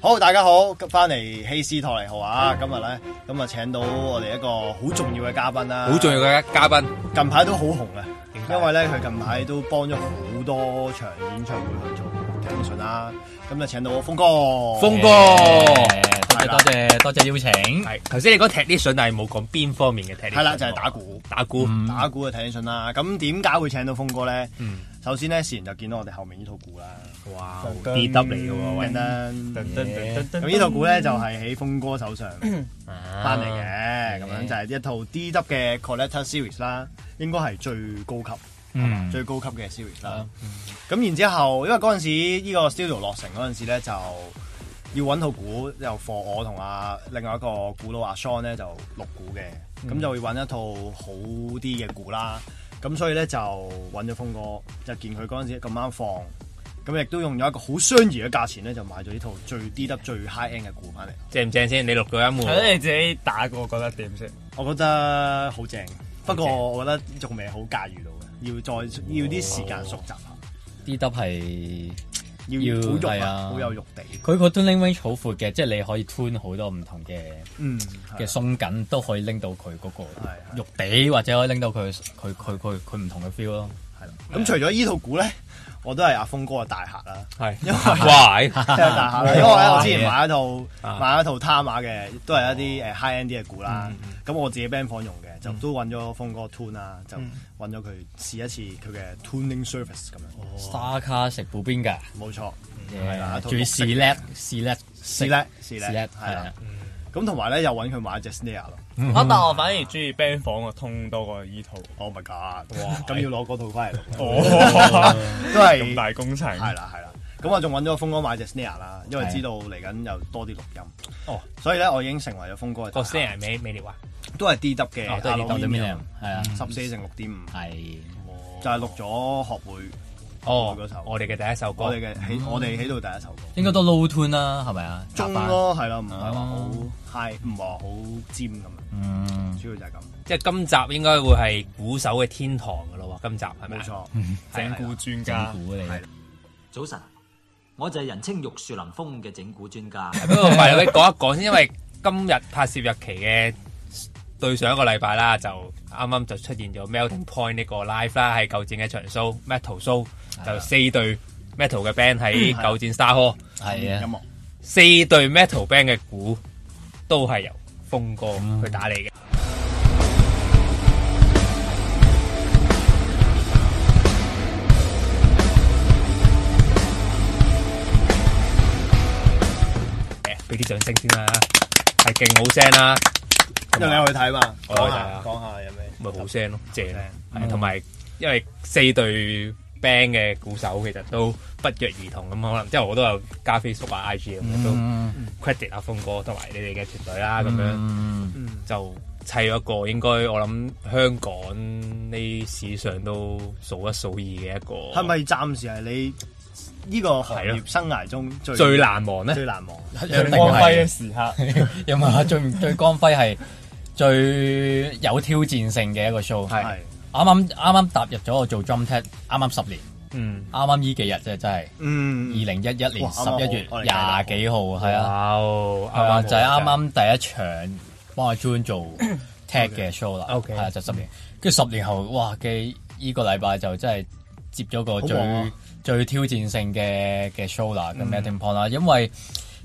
好，大家好，翻嚟希斯托利號啊！今日咧，咁啊，請到我哋一個好重要嘅嘉賓啦、啊，好重要嘅嘉賓，近排都好紅啊！因為咧，佢近排都幫咗好多場演唱會去做宣傳啦。咁就請到鋒哥，鋒哥。Yeah. 多謝多謝邀請。係頭先你講踢啲信，但係冇講邊方面嘅踢。係啦，就係打鼓。打鼓，打鼓嘅踢啲信啦。咁點解會請到鋒哥咧？首先咧，事然就見到我哋後面呢套鼓啦。哇，D W 嚟嘅喎。咁呢套鼓咧就係喺鋒哥手上翻嚟嘅，咁樣就係一套 D W 嘅 Collector Series 啦，應該係最高級，最高級嘅 Series 啦。咁然之後，因為嗰陣時呢個 studio 落成嗰陣時咧就，要揾套鼓又放，我同阿、啊，另外一個鼓佬阿 Son 咧就錄鼓嘅，咁、嗯、就要揾一套好啲嘅鼓啦。咁、嗯、所以咧就揾咗鋒哥，就見佢嗰陣時咁啱放，咁亦都用咗一個好相宜嘅價錢咧，就買咗呢套最 D W 最 high end 嘅鼓返嚟。正唔正先？你錄過一門？睇、嗯、你自己打過覺得點先？我覺得好正，正不過我覺得仲未好駕馭到嘅，要再要啲時間熟習下。哦、D W 係。要好肉要動啊，好有肉地。佢個 tuning range 好闊嘅，即、就、係、是、你可以 tune 好多唔同嘅，嘅、嗯、鬆緊、啊、都可以拎到佢嗰個肉地，啊、或者可以拎到佢佢佢佢佢唔同嘅 feel 咯、啊。係啦、啊，咁除咗呢套鼓咧？我都係阿峰哥嘅大客啦，因為聽大客啦，因為我之前買一套買一套貪馬嘅，都係一啲誒 high end 嘅鼓啦。咁我自己 band 房用嘅，就都揾咗峰哥 tune 啦，就揾咗佢試一次佢嘅 tuning service 咁樣。Star 卡食布邊㗎？冇錯，係啦，仲要試叻，試叻，試叻，試叻，係啊。咁同埋咧，又揾佢買隻 Snare 咯。啊，但我反而中意 Band 房個通多過呢套。Oh my god！哇，咁要攞嗰套翻嚟錄。哦，都係咁大工程。係啦，係啦。咁我仲揾咗鋒哥買隻 Snare 啦，因為知道嚟緊有多啲錄音。哦，所以咧，我已經成為咗鋒哥。個 Snare 係咩料啊？都係 DW 嘅。哦，都係六點五。係啊，十四乘六點五。係。就係錄咗學會。哦，我哋嘅第一首歌，我哋嘅起，我哋起到第一首歌，應該都 low 啦，係咪啊？中咯，係啦，唔係話好 high，唔話好尖咁啊。嗯，主要就係咁。即係今集應該會係鼓手嘅天堂噶咯，今集係咪？冇錯，整鼓專家。整鼓嚟，早晨，我就係人稱玉樹臨風嘅整鼓專家。不過唔係，講一講先，因為今日拍攝日期嘅對上一個禮拜啦，就啱啱就出現咗 melting point 呢個 live 啦，係舊正嘅場 show metal show。就四對 metal 嘅 band 喺九展 Star Hall，係啊，四對 metal band 嘅鼓都係由鋒哥去打理嘅。誒，俾啲掌聲先啦，係勁好聲啦，因為你去睇嘛，我講下講下有咩，咪好聲咯，正，同埋因為四對。Band 嘅鼓手其實都不約而同咁可能即係我都有加 Facebook 啊 IG 咁樣、mm hmm. 都 credit 阿、啊、鋒哥同埋你哋嘅團隊啦、啊、咁、mm hmm. 樣，就砌咗一個應該我諗香港呢史上都數一數二嘅一個。係咪暫時係你呢個行業生涯中最、啊、最難忘呢？最難忘，最，難忘最光輝嘅時刻。有冇啊？最最光輝係最有挑戰性嘅一個 show 的。係。啱啱啱啱踏入咗我做 drum tech，啱啱十年，嗯，啱啱呢幾日即係真係，嗯，二零一一年十一月廿幾號，係啊，係啊，就係啱啱第一場幫阿 June 做 tech 嘅 show 啦，係就十年，跟住十年後，哇嘅呢個禮拜就真係接咗個最最挑戰性嘅嘅 show 啦，咁 meeting point 啦，因為。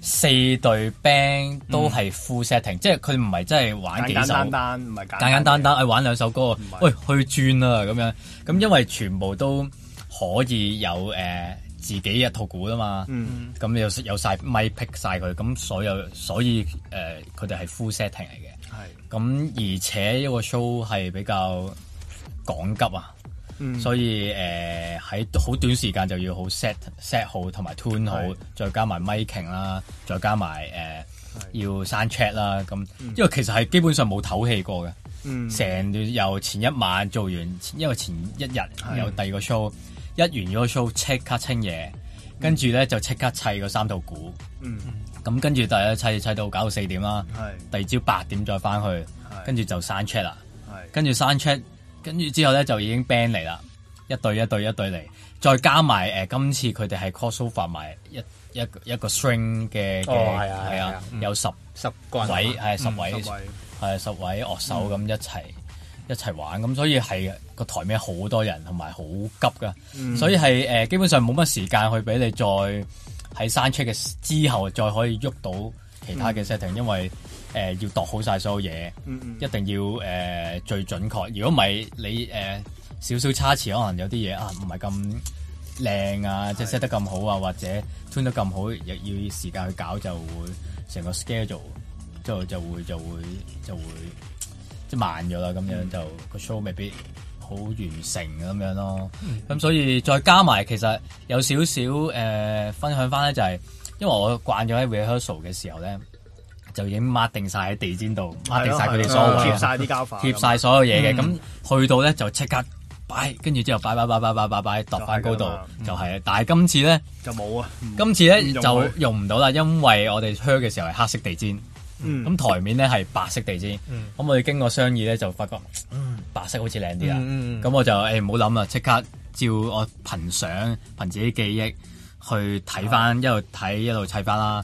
四隊 band 都係 full setting，即係佢唔係真係玩幾首，簡簡單唔係簡簡單單，係、啊、玩兩首歌。喂是、哎，去轉啦咁樣，咁因為全部都可以有誒自己一套鼓啊嘛，咁、嗯、有有晒，咪 pick 晒佢，咁所有所以誒佢哋係 full setting 嚟嘅，係咁、呃、是而且呢個 show 係比較趕急啊！所以誒喺好短時間就要好 set set 好，同埋 tune 好，再加埋 micing 啦，再加埋誒要 sound check 啦，咁因為其實係基本上冇唞氣過嘅，成段由前一晚做完，因為前一日有第二個 show，一完咗 show 即刻清嘢，跟住咧就即刻砌個三套鼓，咁跟住第一砌砌到搞到四點啦，第二朝八點再翻去，跟住就 sound check 啦，跟住 sound check。跟住之後咧就已經 band 嚟啦，一對一對一對嚟，再加埋誒、呃、今次佢哋係 crossover 翻埋一一一,一個 string 嘅嘅，係、哦、啊，有十十位係十位係、嗯啊、十位樂手咁一齊、嗯、一齊玩，咁所以係個、呃、台面好多人，同埋好急噶，嗯、所以係誒、呃、基本上冇乜時間去俾你再喺 sound check 嘅之後再可以喐到其他嘅 setting，因為。誒、呃、要度好晒所有嘢，嗯嗯一定要誒、呃、最準確。如果唔係你誒少少差池，可能有啲嘢啊唔係咁靚啊，即係 set 得咁好啊，或者 tune 得咁好，亦要時間去搞就會成個 schedule 之後就會就，就會就會即係慢咗啦。咁樣、嗯、就個 show 未必好完成咁樣咯。咁、嗯、所以再加埋其實有少少誒、呃、分享翻咧、就係，就係因為我慣咗喺 rehearsal 嘅時候咧。就已經抹定晒喺地氈度，抹定晒佢哋所有，貼晒啲膠粉，貼晒所有嘢嘅。咁去到咧就即刻擺，跟住之後擺擺擺擺擺擺擺，揼翻高度就係。但係今次咧就冇啊，今次咧就用唔到啦，因為我哋 h 嘅時候係黑色地氈，咁台面咧係白色地氈。咁我哋經過商議咧就發覺白色好似靚啲啦。咁我就誒唔好諗啦，即刻照我憑相憑自己記憶去睇翻，一路睇一路砌翻啦。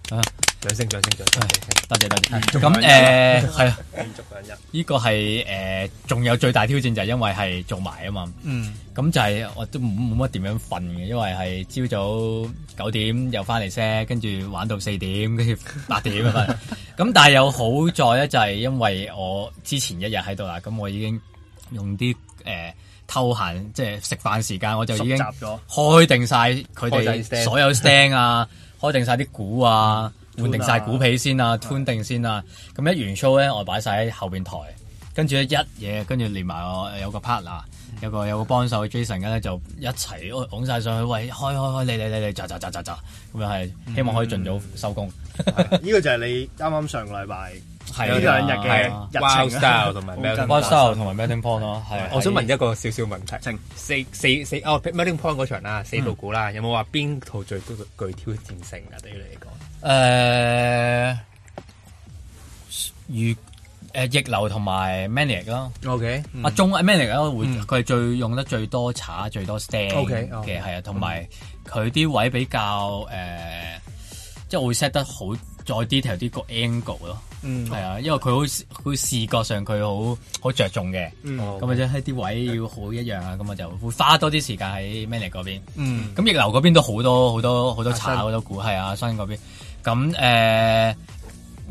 啊！掌聲掌聲掌聲唉！多謝多謝。咁誒，係啊，連續兩日。呢個係誒，仲、呃呃、有最大挑戰就係、是、因為係做埋啊嘛。嗯，咁就係、是、我都冇乜點樣瞓嘅，因為係朝早九點又翻嚟 set 跟住玩到四點，跟住八點咁瞓。咁 但係有好在咧，就係因為我之前一日喺度啦，咁我已經用啲誒。呃偷閒即係食飯時間，我就已經開定晒佢哋所有 stand 啊，開定晒啲鼓啊， 換定晒鼓皮先啊 ，tune 定先啊，咁一完 show 咧，我擺晒喺後邊台，跟住咧一嘢，跟住連埋我有個 partner。有個有個幫手 Jason 咧就一齊拱曬上去，喂，開開開，你你你你，咋咋咋咋咋，咁又係希望可以盡早收工。呢個就係你啱啱上個禮拜呢兩日嘅日程啊。幫手同埋 Melting Point 咯，係。我想問一個少少問題。剩四四四哦，Melting Point 嗰場啦，四套鼓啦，有冇話邊套最具具挑戰性啊？對於你嚟講，誒如。誒逆流同埋 manic 咯，OK，啊重啊 manic 咯，會佢係最用得最多炒最多 stay 嘅，係啊，同埋佢啲位比較誒，即係我會 set 得好再 detail 啲個 angle 咯，嗯，啊，因為佢好佢視覺上佢好好着重嘅，咁或者喺啲位要好一樣啊，咁我就會花多啲時間喺 manic 嗰邊，咁逆流嗰邊都好多好多好多炒好多股係啊新嗰邊，咁誒。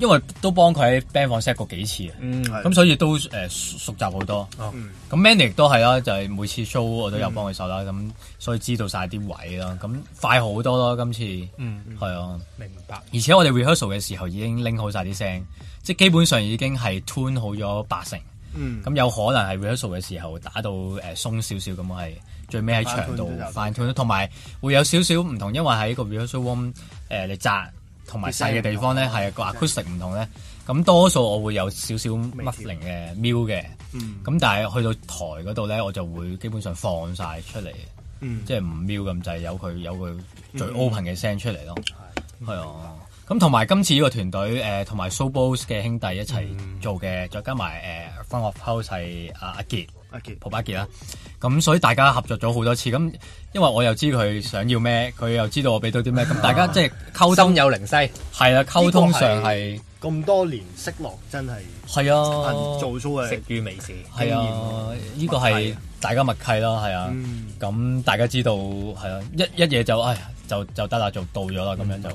因為都幫佢喺 band 房 set 過幾次啊，咁所以都誒熟習好多。咁 Mandy 都係啦，就係每次 show 我都有幫佢手啦，咁所以知道晒啲位啦，咁快好多咯今次，係啊，明白。而且我哋 rehearsal 嘅時候已經拎好晒啲聲，即係基本上已經係 tune 好咗八成。咁有可能係 rehearsal 嘅時候打到誒鬆少少咁，係最尾喺場度同埋會有少少唔同，因為喺個 rehearsal room 誒嚟扎。同埋細嘅地方咧，係個 acoustic 唔同咧，咁多數我會有少少 muffling 嘅 mew 嘅，咁但係去到台嗰度咧，我就會基本上放晒出嚟，即係唔 mew 咁滯，有佢有佢最 open 嘅聲出嚟咯。係啊、嗯，咁同埋今次呢個團隊誒，同埋 Sobos 嘅兄弟一齊做嘅，再加埋 front of house 係阿阿傑、阿杰、啊、蒲巴杰啦，咁、啊啊、所以大家合作咗好多次咁，因為我又知佢想要咩，佢又知道我俾到啲咩，咁大家即係溝通、啊、有靈犀，係啦、啊，溝通上係咁多年識落，色真係係啊，做足嘅食於美食，係啊，呢個係大家默契咯，係啊，咁、嗯嗯、大家知道係啊，一一嘢就哎呀，就就，就得啦，就到咗啦，咁樣、嗯、就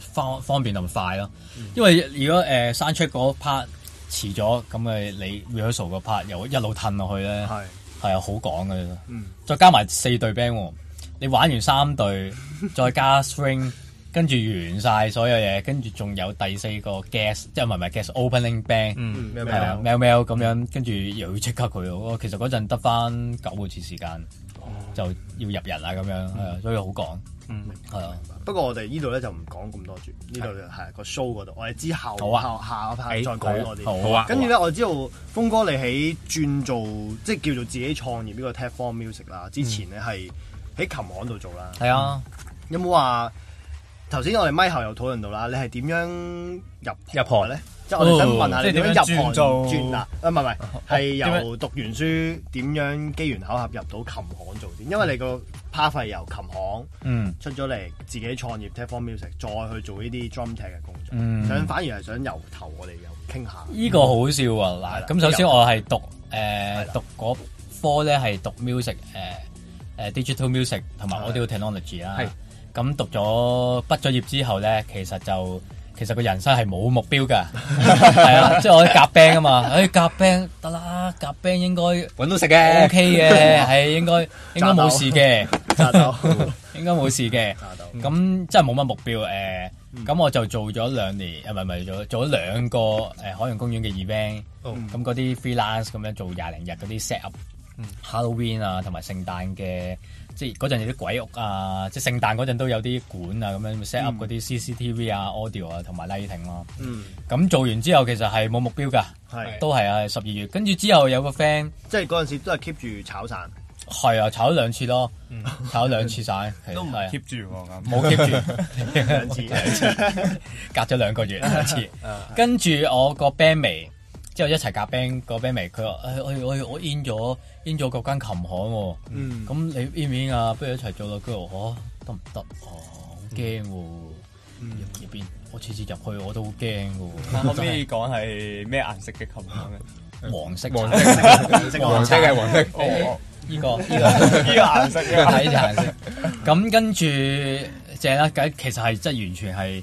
方方便咁快咯。嗯、因為如果誒生出嗰 part 遲咗，咁嘅你 reassure 個 part 又一路褪落去咧，係啊，好講噶，再加埋四隊 band，喎，你玩完三隊，再加 swing，跟住完晒所有嘢，跟住仲有第四個 guest，即係唔係唔係 guest，opening band，、嗯、喵喵喵咁樣，跟住、嗯、又要即刻佢，我其實嗰陣得返九個字時間，就要入人啦咁樣，嗯、所以好講。嗯，係白啊，不過我哋呢度咧就唔講咁多轉，呢度就係個 show 嗰度，我哋之後、啊、下下下再講多啲。欸、好，好啊，跟住咧，啊、我知道鋒哥你喺轉做即係叫做自己創業呢個 TechForm Music 啦，之前咧係喺琴行度做啦。係啊，嗯、有冇話頭先我哋咪後又討論到啦？你係點樣入行呢入行咧？即係我哋想問下你點樣入行做？轉、哦、啊？唔係唔係係由讀完書點樣機緣巧合入到琴行做？先？因為你個 part 係由琴行出咗嚟，自己創業 TechForm Music，嗯、再去做呢啲 drum tech 嘅工作，嗯、想反而係想由頭我哋又傾下。呢、嗯、個好笑啊！嗱、嗯，咁首先我係讀誒讀嗰科咧，係讀 music 誒誒 digital music 同埋 audio technology 啦。咁讀咗畢咗業之後咧，其實就其實個人生係冇目標噶，係啊，即係我啲夾 band 啊嘛，誒夾 band 得啦，夾 band 應該搵到食嘅，OK 嘅，係應該應該冇事嘅，揸到，應該冇事嘅，揸到，咁真係冇乜目標誒，咁我就做咗兩年，唔係唔係做做咗兩個誒海洋公園嘅 event，咁嗰啲 freelance 咁樣做廿零日嗰啲 set up，Halloween 啊同埋聖誕嘅。即係嗰陣有啲鬼屋啊，即係聖誕嗰陣都有啲管啊咁樣 set up 嗰啲 CCTV 啊、嗯、audio 啊同埋 lighting 咯。啊、嗯，咁做完之後其實係冇目標㗎，是都係啊十二月。跟住之後有個 friend，即係嗰陣時都係 keep 住炒散，係、嗯、啊炒咗兩次咯，嗯、炒咗兩次曬、 啊、都唔係 keep 住喎，冇 keep 住， 次啊、 隔咗兩個月一次。 跟住我個 band 未。之後一齊夾 band 個 band 咪，佢話：誒、哎，我我我 in 咗 in 咗嗰間琴行喎。嗯，咁你 in 唔 in 啊？不如一齊做咯。佢話：吓、哦，得唔得啊？好驚喎、哦。入入邊，我次次入去我都好驚噶。 可唔可以講係咩顏色嘅琴行咧？黃色， 黃、色黃色， 黃、色黃色，黃 色係黃色。呢個呢個呢個顏色，睇住顏色。咁跟住，正啦，計其實係真係完全係。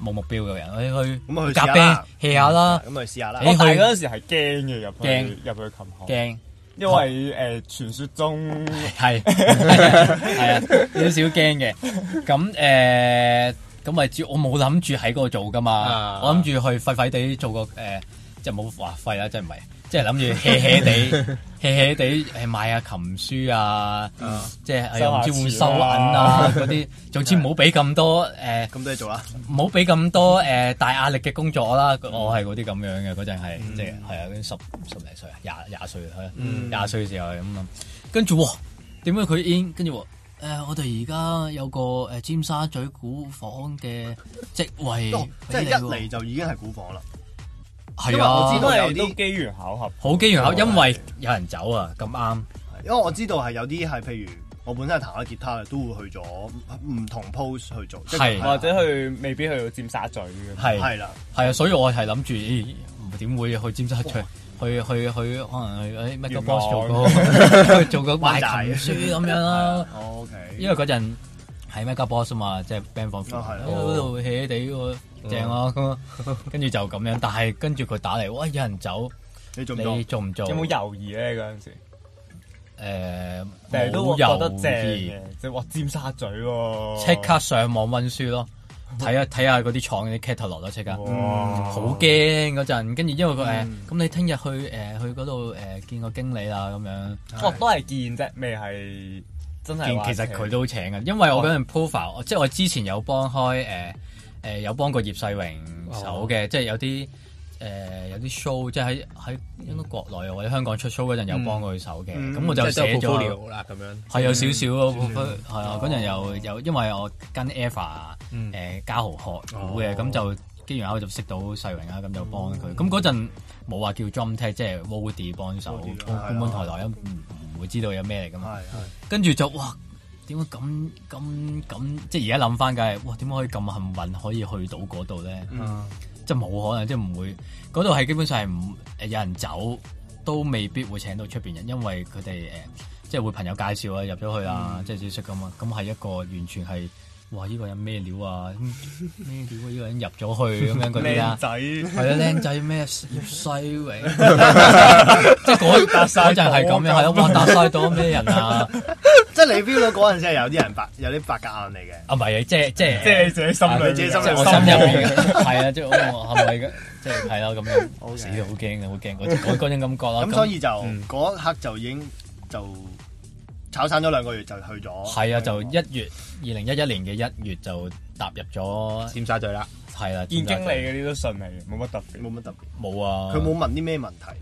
冇目標嘅人，我去咁去夾 Band，hea 下啦，咁去試下啦。我班去嗰陣去、喔、時係驚嘅，入去怕入去琴行，驚怕，因為誒傳説中係係啊，呃、 有少少驚嘅。咁誒咁咪主要我冇諗住喺嗰度做噶嘛， 我諗住去廢廢地做個誒、呃，即係冇話廢啦，真係唔係。即係諗住 heahea 地 heahea 地誒買下琴書啊，即係又唔知會收銀啊嗰啲，總之唔好俾咁多誒，咁多嘢做啦，唔好俾咁多誒大壓力嘅工作啦。我係嗰啲咁樣嘅，嗰陣係即係係啊，十十零歲啊，廿廿歲啊，廿歲嘅時候咁諗。跟住點解佢 in？跟住誒，我哋而家有個誒尖沙咀鼓房嘅職位，即係一嚟就已經係鼓房啦。係啊，我知都係有啲機緣巧合，好機緣巧合，因為有人走啊咁啱。因為我知道係有啲係，譬如我本身係彈咗吉他嘅，都會去咗唔同 pose 去做，或者去未必去到尖沙咀嘅。係係啦，係啊，所以我係諗住，咦，點會去尖沙咀？去去去，可能去乜啲麥歌波斯做個做個賣琴書咁樣咯。OK，因為嗰陣。喺 mega boss 嘛，即係 band 房 o r 嗰度 hea hea 地正啊！跟住就咁樣，但係跟住佢打嚟，哇！有人走，你做唔做？有冇猶豫咧？嗰陣時，成日都都覺得正，即係話哇！尖沙咀喎，即刻上網温書咯，睇下睇下嗰啲廠嗰啲 catalog 咯，即刻。好驚嗰陣，跟住因為佢誒，咁你聽日去誒去嗰度誒見個經理啊咁樣。哦，都係見啫，咩係。見，其實佢都請嘅，因為我嗰陣 profile 啊，即係我之前有幫開誒誒，有幫過葉世榮手嘅，即係有啲誒有啲 show，即係喺喺喺國內或者香港出 show 嗰陣有幫過佢手嘅，咁我就寫咗啦咁樣，係有少少係啊，嗰陣又又因為我跟 Eva 誒嘉豪學鼓嘅，咁就。跟住然後我就識到世榮啦，咁就幫佢。咁嗰陣冇話叫 drum tech 即係 Woody 幫手，Woody，本，本台來咁唔唔會知道有咩嚟噶嘛。跟住就哇，點解咁咁咁？即係而家諗翻，梗係哇，點解可以咁幸運可以去到嗰度咧？嗯、即係冇可能，即係唔會嗰度係基本上係唔誒有人走都未必會請到出面人，因為佢哋誒即係會朋友介紹啊，入咗去啊，嗯、即係先識噶嘛。咁係一個完全係。哇！呢個人咩料啊？咩料啊？呢個人入咗去咁樣嗰啲啊，仔，係啊，靚仔咩葉西榮，即係嗰日搭曬，即係係咁樣，係啊，搭曬到咩人啊？即係李彪嗰陣時係有啲人白，有啲白格眼嚟嘅。啊，唔係，即係即係即係自己心裏，即係心入面，係啊，即係我係咪嘅？即係係啦，咁樣，好嘅，好驚嘅，好驚嗰嗰嗰種感覺啦。咁所以就嗰一刻就已經就。炒散咗兩個月就去咗，係啊，就一月二零一一年嘅一月就踏入咗尖沙咀啦，係啦。見對經理嗰啲都順利，冇乜特別，冇乜特別，冇啊。佢冇問啲咩問題？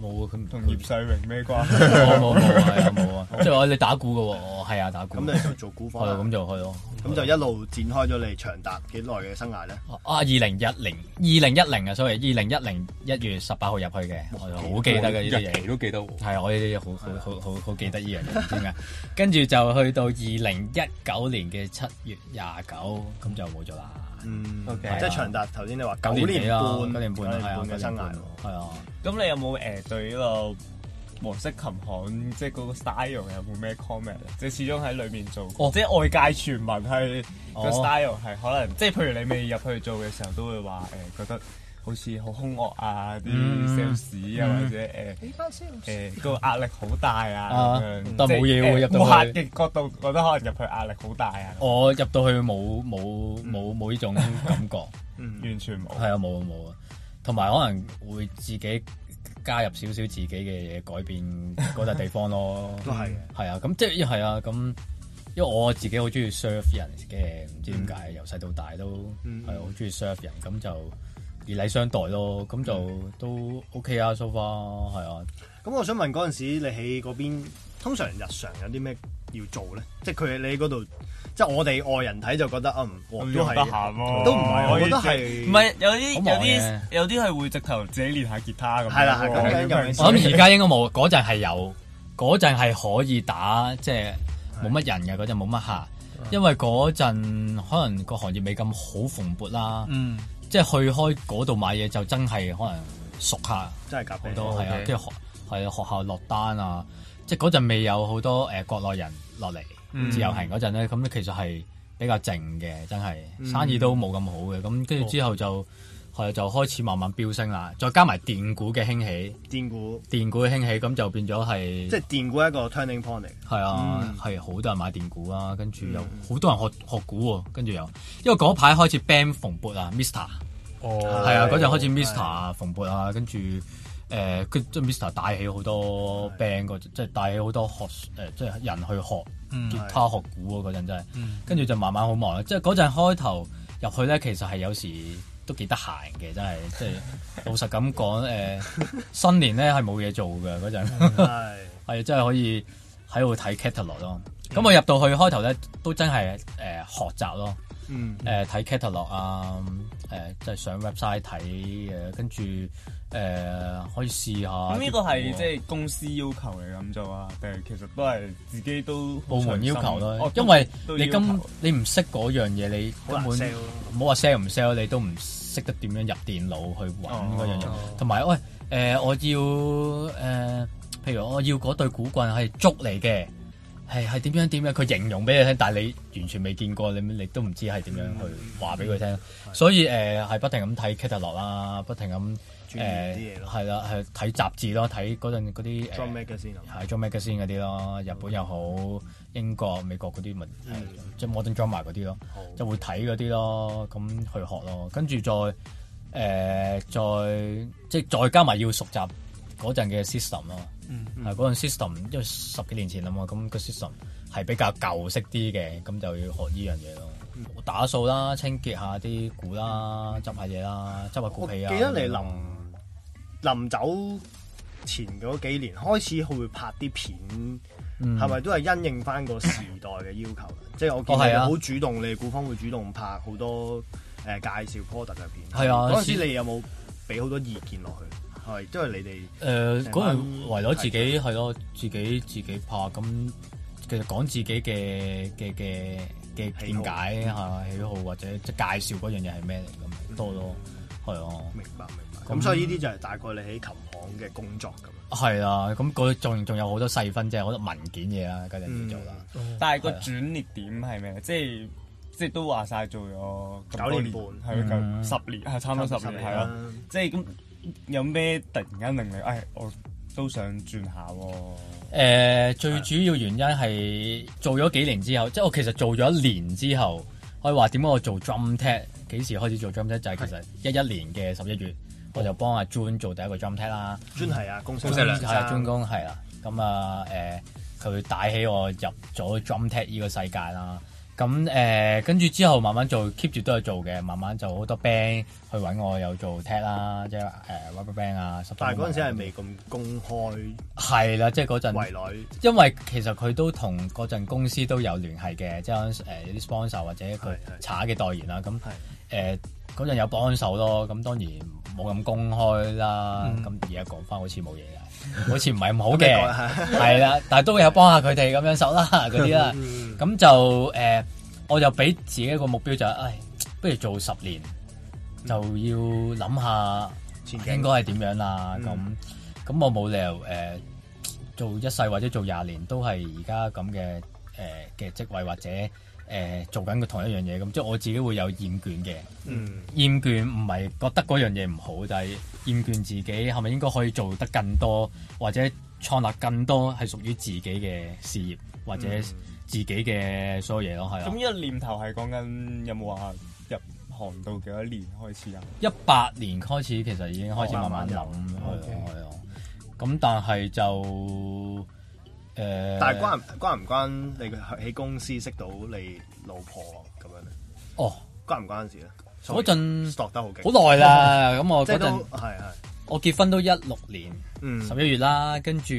冇啊，佢同葉世榮咩關係？冇冇冇，係啊冇啊，即係我哋打鼓嘅喎，係啊打鼓。咁你就做鼓房？ 係啊，咁就去咯。咁就一路展開咗你長達幾耐嘅生涯咧？啊，二零一零，二零一零啊，所以二零一零一月十八號入去嘅，我好記得嘅呢樣嘢，日期都記得。係，我依啲好好好好好記得呢樣嘢，唔知點解。跟住就去到二零一九年嘅七月廿九，咁就冇咗啦。嗯，OK、啊、即係長達頭先你話九年半，九年半嘅生涯，係啊。咁對你有冇誒、呃、對呢個黃色琴行，即係嗰個 style 有冇咩 comment？即係始終喺裏面做，哦、即係外界傳聞係個 style 係可能，即係譬如你未入去做嘅時候都會話誒、呃、覺得，好似好兇惡啊！啲 sales 啊，或者誒誒個壓力好大啊！咁樣，但冇嘢喎入到去。顧客嘅角度，覺得可能入去壓力好大啊。我入到去冇冇冇冇呢種感覺，完全冇。係啊，冇啊，冇啊！同埋可能會自己加入少少自己嘅嘢，改變嗰笪地方咯。都係係啊，咁即係啊，咁因為我自己好中意 serve 人嘅，唔知點解由細到大都係好中意 serve 人，咁就。以禮相待咯，咁就都 OK 啊，so far，係啊。咁、啊、我想問嗰陣時你，你喺嗰邊通常日常有啲咩要做咧？即係佢你嗰度，即係我哋外人睇就覺得，嗯，我都得閒咯，都唔係，我覺得係唔係有啲有啲有啲係會直頭自己練下吉他咁、啊。係啦，係啦，我諗而家應該冇，嗰陣係有，嗰陣係可以打，即係冇乜人嘅嗰陣冇乜客，因為嗰陣可能個行業未咁好蓬勃啦。嗯。即係去開嗰度買嘢就真係可能熟客，真係夾好多係啊，跟住 Okay. 學係學校落單啊，即係嗰陣未有好多誒、呃、國內人落嚟自由行嗰陣咧，咁咧其實係比較靜嘅，真係生意都冇咁好嘅，咁跟住之後就。Okay. 係就開始慢慢飆升啦，再加埋電鼓嘅興起，電鼓電鼓嘅興起，咁就變咗係即係電鼓一個 turning point。係啊，係好多人買電鼓啊，跟住又好多人學學鼓喎，跟住又因為嗰排開始 band 蓬勃啊 Mr. 哦，係啊，嗰陣開始 Mr. 蓬勃啊，跟住誒 Mr. 帶起好多 band 個，即係帶起好多學誒即係人去學吉他學鼓喎，嗰陣真係，跟住就慢慢好忙啦。即係嗰陣開頭入去咧，其實係有時。都幾得閒嘅，真係，即係 老實咁講，誒、呃、 新年咧係冇嘢做嘅嗰陣，係 真係可以喺度睇 catalog 咯。咁我入到去開頭咧，都真係誒、呃、學習咯，嗯、呃，誒睇 catalog 啊、呃。誒就係上 website 睇誒，跟住誒可以試下。咁呢個係即係公司要求嚟咁做啊？定係其實都係自己都部門要求咯。因為你今你唔識嗰樣嘢，你好難 sell。你根本唔好話 sell 唔 sell，你都唔識得點樣入電腦去揾嗰樣嘢。同埋喂誒，我要誒，譬如我要嗰對鼓棍係竹嚟嘅。係係點樣點樣？佢形容俾你聽，但係你完全未見過，你你都唔知係點樣去話俾佢聽。所以誒，係不停咁睇《catalog 啦，不停咁誒啲係啦，係睇雜誌咯，睇嗰陣嗰啲。雜係雜誌嘅先嗰啲咯，呃、係啊係啊日本又好、英國、美國嗰啲咪即係 Modern Drummer 嗰啲咯，就會睇嗰啲咯，咁去學咯，跟住再誒、呃、再即係再加埋要熟習。嗰陣嘅 system 咯、嗯，係嗰陣 system，因為十幾年前啊嘛，咁個 system 係比較舊式啲嘅，咁就要學呢樣嘢咯。打掃啦，清潔下啲鼓啦，執下嘢啦，執下鼓皮啊。我記得你臨臨走前嗰幾年開始，佢會拍啲片，係咪、嗯、都係因應翻個時代嘅要求？ 即係我見你好主動， 你哋鼓房會主動拍好多誒、呃、介紹 product 嘅片。係啊，嗰陣時你有冇俾好多意見落去？ 係，都係你哋誒嗰樣，為咗自己係咯，自己自己拍咁，其實講自己嘅嘅嘅嘅見解吓，喜好或者即係介紹嗰樣嘢係咩嚟咁多咯，係啊，明白明白。咁所以呢啲就係大概你喺琴行嘅工作咁。係啊，咁仲仲有好多細分，即係好多文件嘢啦，家陣要做啦。但係個轉捩點係咩？即係即係都話晒做咗九年半，係啦，十年係差唔多十年，係咯，即係咁。有咩突然間令你？哎，我都想轉下喎。誒、呃，最主要原因係做咗幾年之後，即係我其實做咗一年之後，可以話點解我做 drum tech？幾時開始做 drum tech？就係其實一一年嘅十一月，我就幫阿 Jun 做第一個 drum tech 啦的。Jun 係啊，恭喜恭喜，係啊司，中工係啦。咁啊，誒，佢帶、呃、起我入咗 drum tech 呢個世界啦。咁誒，跟住之後慢慢做，keep 住都有做嘅。慢慢就好多 band 去揾我，有做 tech 啦，即係誒 RubberBand 啊。但係嗰陣係未咁公開。係啦，即係嗰陣。為女。因為其實佢都同嗰陣公司都有聯繫嘅，即係誒有啲 sponsor 或者佢炒嘅代言啦。咁誒嗰陣有幫手咯，咁當然冇咁公開啦。咁而家講翻好似冇嘢嘅。好似唔係咁好嘅，係啦，但係都會有幫下佢哋咁樣手啦，嗰啲啦，咁就誒，我就俾自己一個目標就係，不如做十年，就要諗下前應該係點樣啦，咁咁我冇理由誒做一世或者做廿年都係而家咁嘅誒嘅職位或者誒做緊嘅同一樣嘢，咁即係我自己會有厭倦嘅，厭倦唔係覺得嗰樣嘢唔好就係。厭倦自己係咪應該可以做得更多，或者創立更多係屬於自己嘅事業，或者自己嘅所有嘢咯？係、嗯。咁呢吧個念頭係講緊有冇話入行到幾多年開始啊？一八年開始其實已經開始慢慢諗，係啊、嗯。咁 Okay. 但係就誒，呃、但係關關唔關你喺公司識到你老婆咁樣咧？哦，關唔關事啊？嗰陣落得好勁，好耐啦。咁我嗰陣係係我結婚都一六年十一月啦，跟住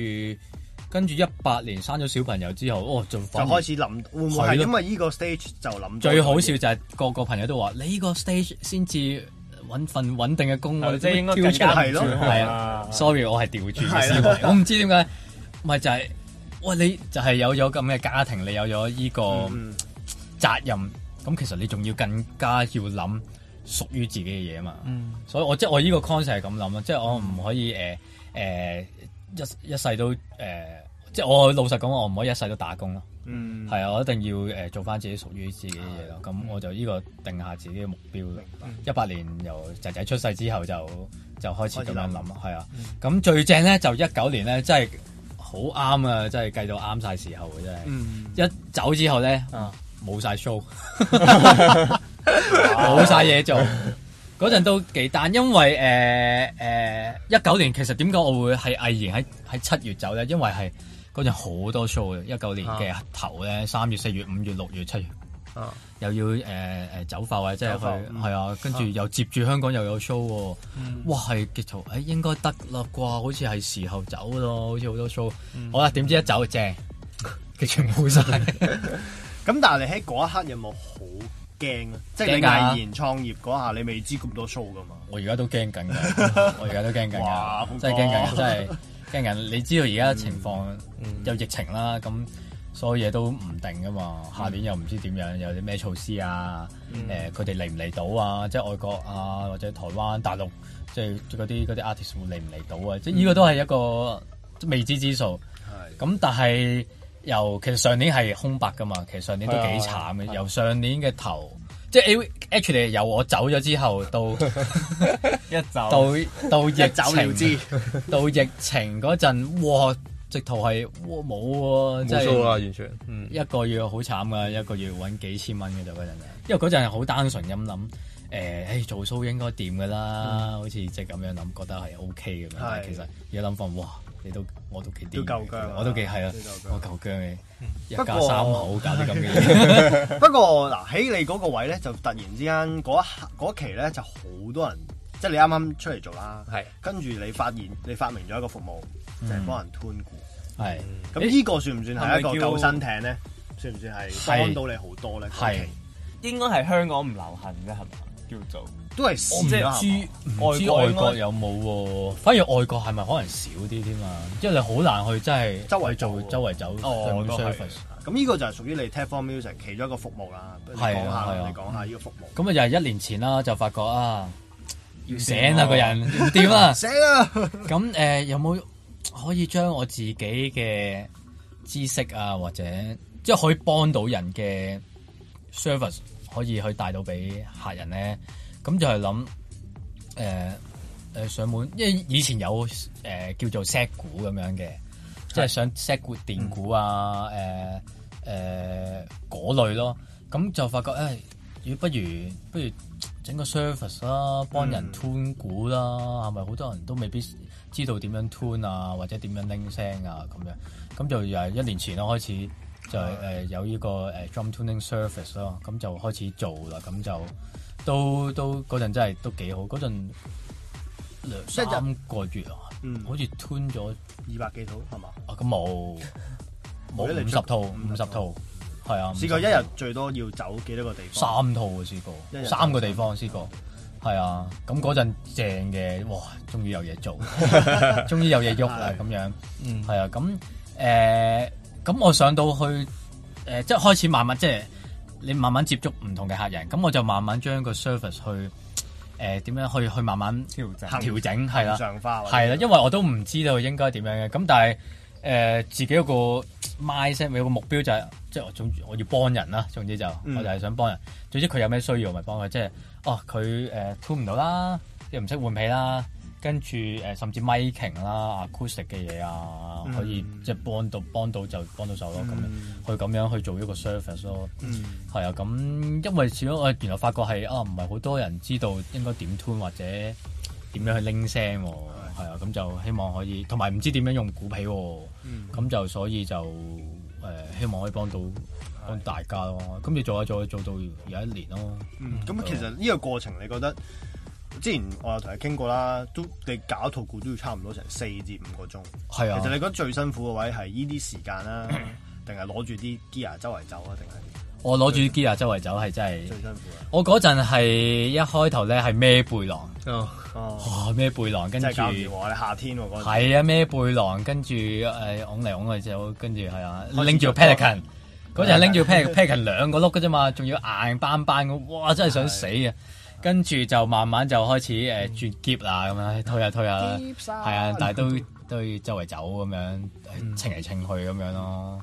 跟住一八年生咗小朋友之後，哦，就就開始諗會唔會係咁啊？依個 stage 就諗。最好笑就係個個朋友都話：你呢個 stage 先至揾份穩定嘅工，即係應該係咯。係啊，sorry，我係調轉。我唔知點解，唔係就係喂，你，就係有咗咁嘅家庭，你有咗依個責任。咁其實你仲要更加要諗屬於自己嘅嘢啊嘛，嗯、所以我即係、就是、我呢個 concept 係咁諗咯，即、就、係、是、我唔可以誒誒、呃、一一世都誒，即、呃、係、就是、我老實講，我唔可以一世都打工咯，係啊、嗯，我一定要誒、呃、做翻自己屬於自己嘅嘢咯。咁、啊嗯、我就呢個定下自己嘅目標。一八、嗯、年由仔仔出世之後就就開始咁樣諗，係啊。咁最正咧就一九年咧，真係好啱啊！真係計到啱晒時候啊！真係，一走之後咧冇晒 show，冇晒嘢做。嗰陣都幾，但因為誒誒一九年其實點解我會係毅然喺喺七月走咧，因為係嗰陣好多 show 嘅一九年嘅頭咧，三月、四月、五月、六月、七月，啊、又要誒誒、呃、走埠，即係埗去係啊,啊，跟住又接住香港又有 show，、啊嗯、哇係結束誒應該得啦啩，好似係時候走咯，好似好多 show、嗯。好啦，點知一走正，佢全冇晒。 咁但係你喺嗰一刻有冇好驚啊？即係你毅然創業嗰下，你未知咁多 show 㗎嘛？我而家都驚緊，我而家都驚緊㗎，真係驚緊，真係驚緊。你知道而家情況有疫情啦，咁所有嘢都唔定㗎嘛？下年又唔知點樣，有啲咩措施啊？誒，佢哋嚟唔嚟到啊？即係外國啊，或者台灣、大陸，即係嗰啲嗰啲 artist 會嚟唔嚟到啊？即係呢個都係一個未知之數。係。咁但係。由其實上年係空白噶嘛，其實上年都幾慘嘅。啊、由上年嘅頭，即係 AVH 嚟，由我走咗之後到 一走， 到到疫情， 走 到疫情嗰陣，哇！直頭係冇喎，冇、啊、數啦，完全。一個月好慘噶，嗯、一個月揾幾千蚊嘅就嗰陣，因為嗰陣係好單純咁諗，誒、欸，誒、哎、做 show 應該掂㗎啦，嗯、好似即係咁樣諗，覺得係 OK 咁樣。係其實而家諗翻，哇！哇都我都幾夠薑，我都幾係啊。我夠薑嘅。三搞啲咁嘅嘢。不過嗱，喺你嗰個位咧，就突然之間嗰一期咧就好多人，即係你啱啱出嚟做啦，係跟住你發現你發明咗一個服務，就係幫人 tune 鼓，咁呢個算唔算係一個救生艇咧？算唔算係幫到你好多咧？係應該係香港唔流行嘅係嘛？叫做。都係唔知唔知外國有冇喎，反而外國係咪可能少啲添啊？因為你好難去，即係周圍做、周圍走。哦，咁呢個就係屬於你 TechForm Music 其中一個服務啦。係啊，係啊，你講下呢個服務。咁啊，就係一年前啦，就發覺啊，要醒啊個人，點啊醒啊！咁誒，有冇可以將我自己嘅知識啊，或者即係可以幫到人嘅 service，可以去帶到俾客人咧？咁就係諗，誒、呃、誒、呃、上門，因為以前有誒、呃、叫做 set 鼓咁樣嘅，即係的想 set 鼓電鼓啊，誒誒嗰類咯。咁就發覺誒、呃，不如不如整個 service 啦，幫人 tune 鼓啦，係咪好多人都未必知道點樣 tune 啊，或者點樣拎聲啊咁樣、啊、樣？咁就又係一年前開始就誒、呃、有呢個誒 drum tuning service 啦，咁就開始做啦，咁就。都都嗰陣真係都幾好，嗰陣兩三個月啊，嗯，好似吞咗二百幾套係嘛？啊，咁冇冇五十套，五十套係啊！試過一日最多要走幾多個地方？三套啊，試過三個地方試過，係啊！咁嗰陣正嘅，哇！終於有嘢做，終於有嘢喐啦咁樣，嗯，係啊！咁誒咁我上到去誒，即係開始慢慢即係。你慢慢接觸唔同嘅客人，咁我就慢慢將個 service 去誒點、呃、樣去去慢慢調整調整係啦，係啦，對因為我都唔知道應該點樣嘅。咁但係誒、呃、自己有個 mindset 有個目標就係、是、即係總之我要幫人啦。總之就是嗯、我就係想幫人，總之佢有咩需要我咪幫佢。即係哦佢誒 tune 唔到啦，又唔識換皮啦。跟住誒，甚至 miking 啦、Acoustic 嘅嘢啊，可以即係幫到幫到就幫到手咯。咁樣去咁樣去做一個 service 咯。係啊，咁因為始終我原來發覺係啊，唔係好多人知道應該點 tune 或者點樣去拎聲喎。係啊，咁就希望可以，同埋唔知點樣用鼓皮喎。咁就所以就誒，希望可以幫到幫大家咯。咁你做一做做到有一年咯。咁其實呢個過程，你覺得？之前我有同你傾過啦，都你搞一套鼓都要差唔多成四至五個鐘。係啊，其實你覺得最辛苦嘅位係呢啲時間啦，定係攞住啲 gear 周圍走啊？定係我攞住啲 gear 周圍走係真係最辛苦啊！我嗰陣係一開頭咧係孭背囊，哦孭背囊，跟住我夏天嗰陣，係啊，孭背囊，跟住誒往嚟往去走，跟住係啊，拎住 Pelican，嗰陣拎住 Pelican 兩個碌嘅啫嘛，仲要硬邦邦咁，哇！真係想死啊！跟住就慢慢就開始誒絕劫啦咁樣，推下推下，係啊，但係都都周圍走咁樣，稱嚟稱去咁樣咯。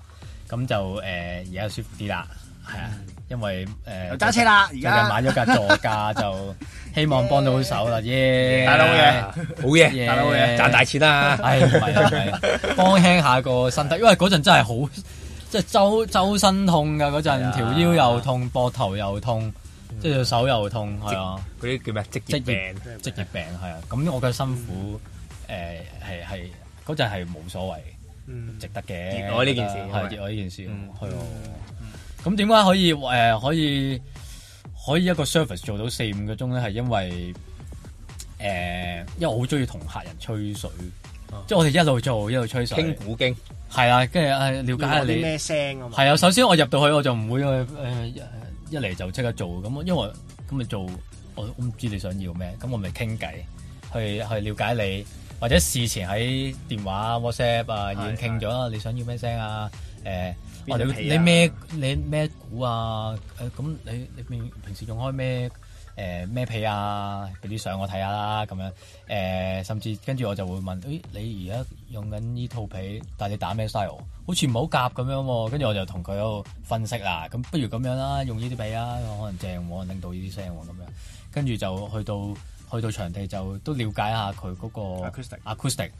咁就誒而家舒服啲啦，係啊，因為誒揸車啦，最近買咗架座駕就希望幫到手啦，耶！大佬嘢，好嘢，大佬嘢，賺大錢啦！唉，唔係唔係，幫輕下個身體，因為嗰陣真係好，即係周周身痛㗎嗰陣，條腰又痛，膊頭又痛。即係手又痛，係啊！啲叫咩？職業病，職業病係啊！咁我嘅辛苦誒係係嗰陣係冇所謂嘅，值得嘅。結果呢件事係結果呢件事，係啊！咁點解可以誒可以可以一個 service 做到四五個鐘咧？係因為誒，因為我好中意同客人吹水，即係我哋一路做一路吹水。傾古經係啊。跟住誒了解下你咩聲啊係啊，首先我入到去我就唔會去誒。一嚟就即刻做咁，因為咁你做，我唔知你想要咩，咁我咪傾偈去去了解你，或者事前喺電話 WhatsApp 啊對已經傾咗啦，對你想要咩聲啊？誒，你咩你咩鼓啊？誒，咁你、啊啊、你，你平時用開咩？誒咩皮啊，俾啲相我睇下啦，咁樣誒、呃，甚至跟住我就會問，誒、哎、你而家用緊呢套皮，但係你打咩 style？好似唔好夾咁樣喎、啊，跟住我就同佢喺度分析啦，咁不如咁樣啦、啊，用呢啲皮啊，可能正，可能聽到呢啲聲喎、啊，咁樣跟住就去到去到場地就都了解下佢嗰個曲。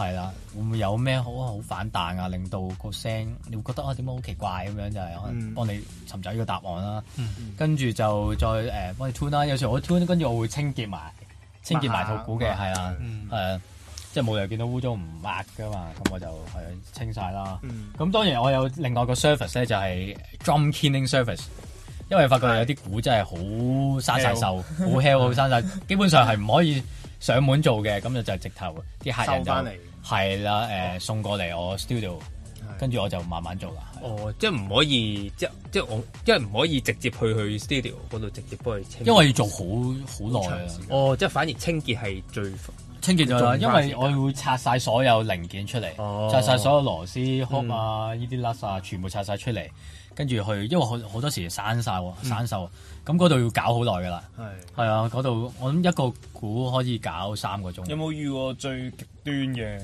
係啦，會唔會有咩好好反彈啊？令到個聲，你會覺得啊，點解好奇怪咁樣？就係可能幫你尋找呢個答案啦。嗯、跟住就再誒、嗯呃、幫你 tune 啦。有時我 tune，跟住我會清潔埋清潔埋套鼓嘅，係啊，即係冇理由見到污糟唔抹噶嘛，咁我就係清晒啦。咁、嗯、當然我有另外個 service 咧，就係、是、drum cleaning service 因為發覺有啲鼓真係好沙晒，壽唉，好 基本上係唔可以上門做嘅，咁就就直頭啲客人就。係啦，誒、呃、送過嚟我 studio，跟住我就慢慢做啦。哦，即係唔可以，即即我即係唔可以直接去去 studio 嗰度直接幫佢清。因為要做好好耐啦。哦，即係反而清潔係最清潔咗啦，因為我會拆晒所有零件出嚟，哦、拆晒所有螺絲 cup 啊呢啲垃圾全部拆晒出嚟。跟住去，因為好好多時生銹，生銹，咁嗰度要搞好耐㗎喇。係，係啊，嗰度我諗一個鼓可以搞三個鐘。有冇遇過最極端嘅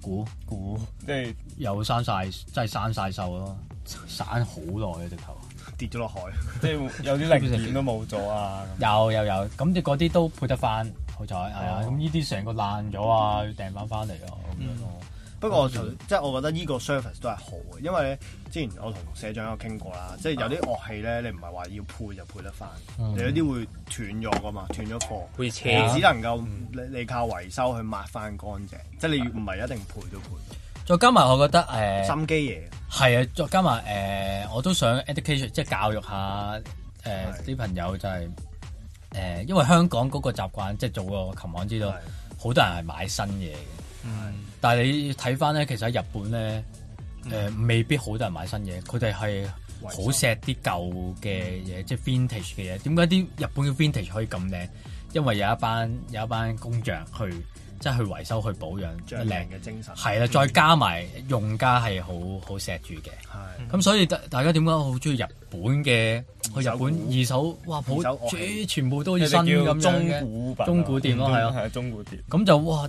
鼓鼓？即係有生晒，真係生晒銹咯，生好耐啊！直頭跌咗落海，即係有啲零件都冇咗啊！有有有，咁啲嗰啲都配得返，好彩，係啊。咁呢啲成個爛咗啊，要掟返返嚟啊，咁樣咯。不過即係我覺得呢個 service 都係好嘅，因為咧之前我同社長有傾過啦，嗯、即係有啲樂器咧，你唔係話要配就配得翻，嗯、你有啲會斷咗噶嘛，斷咗貨，配車你只能夠你靠維修去抹翻乾淨，嗯、即係你唔係一定配都配。的再加埋我覺得誒、呃、心機嘢，係啊，再加埋誒、呃、我都想 education 即係教育下誒啲、呃、的朋友就係、是、誒、呃，因為香港嗰個習慣即係做個琴行知道，好的多人係買新嘢。但係你睇翻咧，其實喺日本咧，誒未必好多人買新嘢，佢哋係好錫啲舊嘅嘢，即係 vintage 嘅嘢。點解啲日本嘅 vintage 可以咁靚？因為有一班有一班工匠去即係去維修去保養，靚嘅精神係啦，再加埋用家係好好錫住嘅。係咁，所以大家點解好中意日本嘅去日本二手哇，全部都要新咁樣嘅中古店咯，係啊，係啊，中古店咁就哇！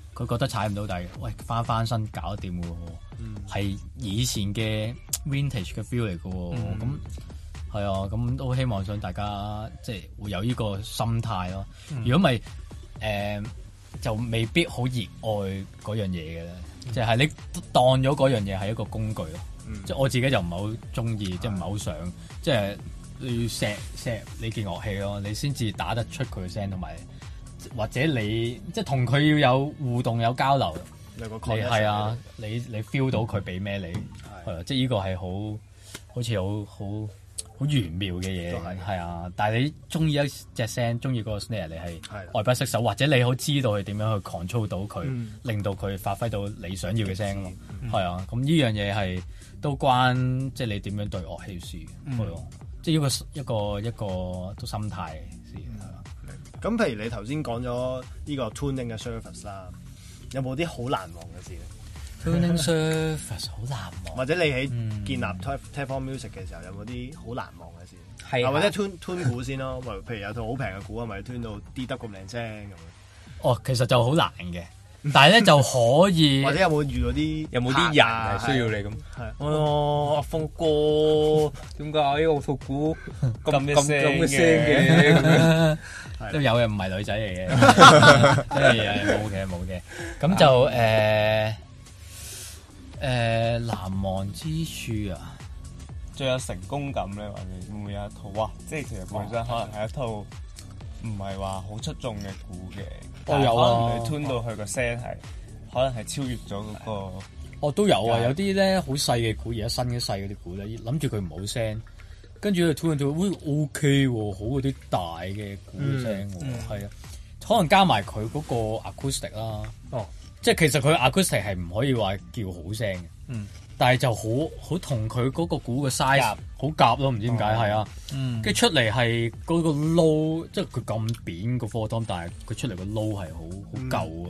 佢覺得踩唔到底，喂，翻翻身搞掂喎，係、嗯、以前嘅 vintage 嘅 feel 嚟嘅喎，咁係、嗯、啊，咁都希望想大家即係會有呢個心態咯。如果唔係誒就未必好熱愛嗰樣嘢嘅咧，即係、嗯、你當咗嗰樣嘢係一個工具咯。即係、嗯、我自己就唔係好中意，即係唔係好想即係、就是、要錫錫你件樂器咯，你先至打得出佢聲同埋。嗯或者你即係同佢要有互動，有交流，你係啊，你你 feel 到佢俾咩你係，即係呢個係好好似好好好玄妙嘅嘢，係啊。但係你中意一隻聲，中意嗰個 snare，你係愛不釋手。或者你好知道佢點樣去 control 到佢，令到佢發揮到你想要嘅聲咯，係啊。咁呢樣嘢係都關即係你點樣對樂器事，即係一個一個一個都心態先。咁譬如你頭先講咗呢個 tuning 嘅 surface 啦，有冇啲好難忘嘅事咧？tuning surface 好 難忘。或者你喺建立 TechForm Music 嘅時候，有冇啲好難忘嘅事？係是的、啊。或者 tune tune 鼓先咯，譬如有套好平嘅鼓，咪 tune 到跌得咁靚聲咁樣哦，其實就好難嘅。 但係咧就可以，或者有冇遇到啲有冇啲人係需要你咁？係的，我、哎、阿峰哥，點解我呢個復古咁咁咁聲嘅？都有嘅，唔係女仔嚟嘅，係冇嘅冇嘅。咁就誒誒難忘之處啊，最有成功感咧，或者會唔會有一套？哇，即係其實本身可能係一套唔係話好出眾嘅古嘅。都有啊，可能你 turn 到佢個聲係， 可能係超越咗嗰、嗰個、 哦都有啊，有啲咧好細嘅鼓，而家新嘅細嗰啲鼓咧，諗住佢唔好聲，跟住佢 turn 到，會 O K 喎，好過啲大嘅鼓嘅聲喎。嗯、啊，嗯、可能加埋佢嗰個 acoustic 啦。哦，即係其實佢 acoustic 係唔可以話叫好聲嘅。嗯，但係就好好同佢嗰個鼓嘅 size、嗯。好夾咯，唔知點解，係啊，跟住出嚟係嗰個 low，即係佢咁扁、嗯嗯、個科裝，但係佢出嚟個 low 係好好舊啊，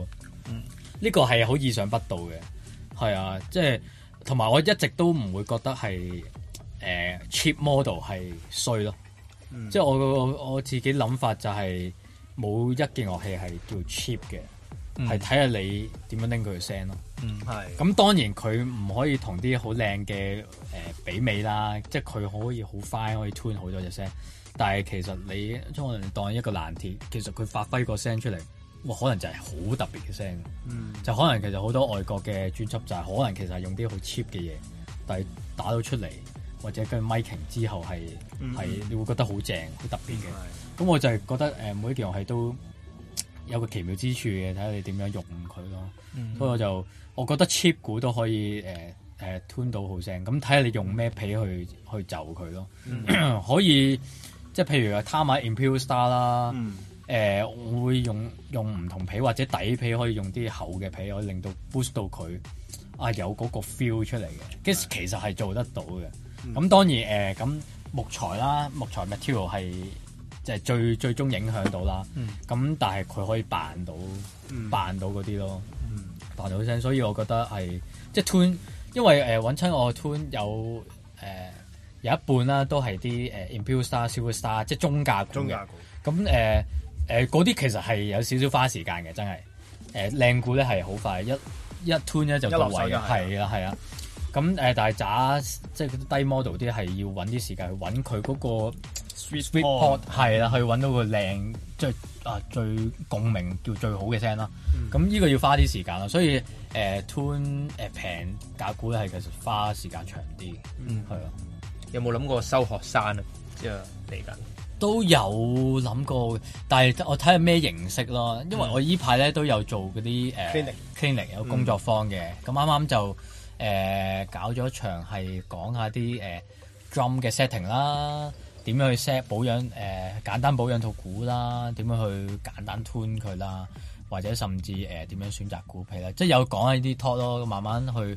呢個係好意想不到嘅，係啊，即係同埋我一直都唔會覺得係誒、呃、cheap model 係衰咯，嗯、即係我我自己諗法就係、是、冇一件樂器係叫 cheap 嘅。係睇下你點樣拎佢嘅聲咯。嗯，係。咁當然佢唔可以同啲好靚嘅誒比美啦，即係佢可以好 fine，可以 tune 好多隻聲。但係其實你將我哋當一個爛鐵，其實佢發揮個聲出嚟、呃，可能就係好特別嘅聲。嗯、就可能其實好多外國嘅專輯就係可能其實係用啲好 cheap 嘅嘢，但係打到出嚟或者跟 miking 之後係、嗯嗯、你會覺得好正、好特別嘅。咁、嗯、我就係覺得誒每樣係都，有個奇妙之處嘅，睇下你點樣用佢咯。所以我就我覺得 cheap 鼓都可以誒誒 turn 到好聲，咁睇下你用咩皮去去就佢咯。可以即係譬如話，Tama Imperialstar 啦，誒我會用用唔同皮或者底皮可以用啲厚嘅皮，可以令到 boost 到佢啊有嗰個 feel 出嚟嘅。其實係做得到嘅。咁當然誒，咁木材啦，木材 material 係。即係最最終影響到啦，咁、嗯、但係佢可以扮到，扮、嗯、到嗰啲咯，扮到聲。所以我覺得係即係 tune，因為誒揾親我 tune 有誒、呃、有一半啦，都係啲誒 Imperialstar Superstar，即係中價鼓嘅。咁誒誒嗰啲其實係有少少花時間嘅，真係誒、呃、靚鼓咧係好快一一 tune 咧就到位，係啊，係啊。咁誒、嗯、但係渣即係低 model 啲係要揾啲時間去揾佢嗰個。係啦 Sweet、oh,，去揾到個靚即係啊最共鳴叫最好嘅聲啦。咁呢、嗯、個要花啲時間啦，所以誒 tune 誒平搞鼓係其實花時間長啲。嗯的，係啊。有冇諗過收學生啊？即係嚟緊都有諗過，但係我睇下咩形式咯。因為我依排咧都有做嗰啲誒 clinic 有工作坊嘅。咁啱啱就誒、呃、搞咗場係講一下啲誒、uh, drum 嘅 setting 啦。點樣去 set 保養？誒、呃、簡單保養套鼓啦，點樣去簡單 tune 佢啦？或者甚至誒點樣選擇鼓皮咧？即係有講呢啲 talk 咯，慢慢去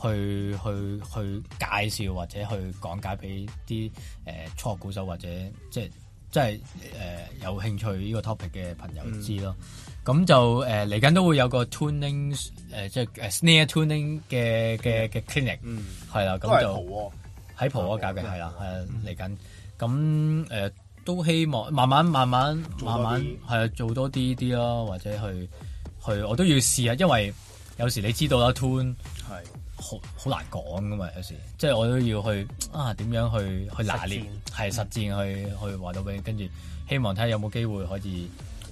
去去去介紹或者去講解俾啲誒初學鼓手或者即係即係誒、呃、有興趣呢個 topic 嘅朋友知咯。咁、嗯、就誒嚟緊都會有個 tuning 誒、呃，即係 snare tuning 嘅嘅嘅 clinic。嗯，係啦、嗯，咁就喺婆嗰教嘅係啦，誒嚟緊。咁誒、呃、都希望慢慢慢慢慢慢係做多啲啲咯，或者去去我都要試啊，因為有時你知道啦 tune 係好好難講噶嘛，有時即係我都要去啊點樣去去拿捏，係實戰陣去、嗯、去話到俾你，跟住希望睇下有冇機會可以誒、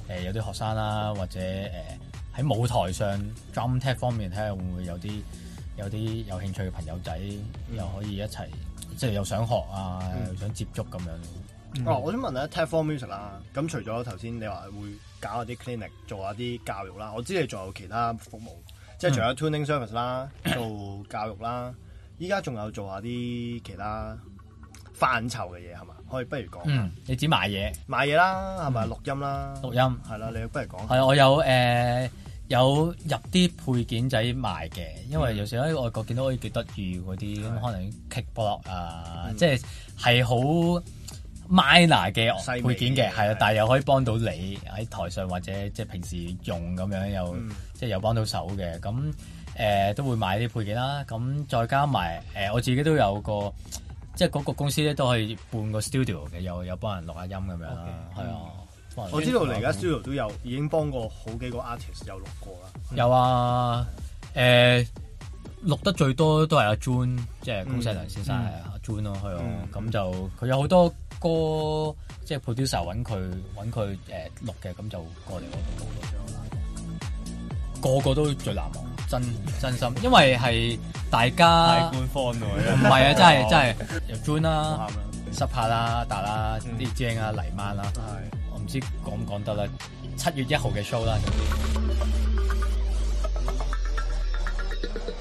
呃、有啲學生啦、啊，或者誒喺、呃、舞台上 drum tech 方面睇下會唔會有啲有啲有，有，有興趣嘅朋友仔又可以一齊、嗯。即係又想學啊，嗯、又想接觸咁、啊、樣。哦、嗯啊，我想問下 TechForm Music 啦，咁除咗頭先你話會搞下啲 clinic，做下啲教育啦，我知你仲有其他服務，即係除咗 tuning service 啦，嗯、做教育啦，依家仲有做下啲其他範疇嘅嘢係嘛？可以不如講下、嗯，你指賣嘢賣嘢啦，係咪、嗯、錄音啦？錄音係啦，你不如講係、嗯、我有誒。呃有入啲配件仔賣嘅，因為有時喺外國見到可以幾得意嗰啲，咁是可能 kick block 啊，即係係好 minor 嘅配件嘅，係啊的，的但係又可以幫到你喺台上的或者即係平時用咁樣有，又即係又幫到手嘅。咁誒、呃、都會買啲配件啦。咁再加埋誒、呃，我自己都有個即係嗰個公司咧，都可以半個 studio 嘅，又有，有幫人錄下音咁樣啦，啊 Okay,、嗯。我知道而家 studio 都有已經幫過好幾個 artist 有錄過啦。有啊，誒錄得最多都係阿 Joan，即係高世良先生係阿 Joan 咯，係啊。咁就佢有好多歌，即係 producer 揾佢揾佢誒錄嘅，咁就過嚟我度錄咗。個個都最難忘，真真心，因為係大家官方，唔係啊，真係真係阿 Joan 啦，濕下啦、達啦、啲張啊、黎曼啦。唔知講唔講得啦，七月一號嘅 show 啦。